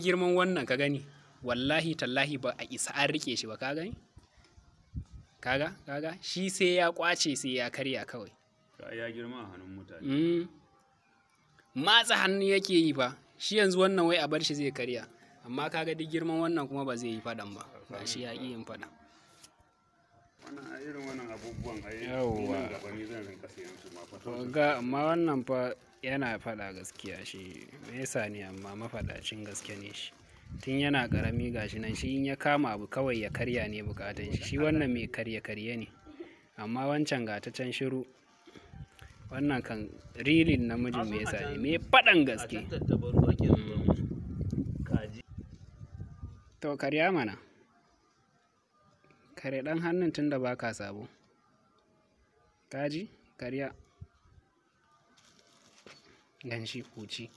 girman wannan ka gani wallahi tallahi ba a isa an rike shi ba ka gani kaga kaga shi sai ya kwace sai ya karya kawai ya girma a hannun mutane mm. matsa hannu yake yi ba shi yanzu wannan wai a bar shi zai karya amma kaga duk girman wannan kuma ba zai yi fadan ba ba shi ya iya yin fada wannan a irin wannan abubuwan ai nan gaba ni zan rinka sayan su ma fa ga amma wannan fa yana faɗa gaskiya shi me yasa ne amma mafaɗacin gaske ne shi tun yana ƙarami gashi nan shi in ya kama abu kawai ya karya ne bukatan shi shi wannan mai karya karye ne amma wancan ga ta can shiru wannan kan rilin namijin me yasa ne me faɗan gaske mm. to karya mana kare ɗan hannun tun da baka sabo kaji karya 联系户籍。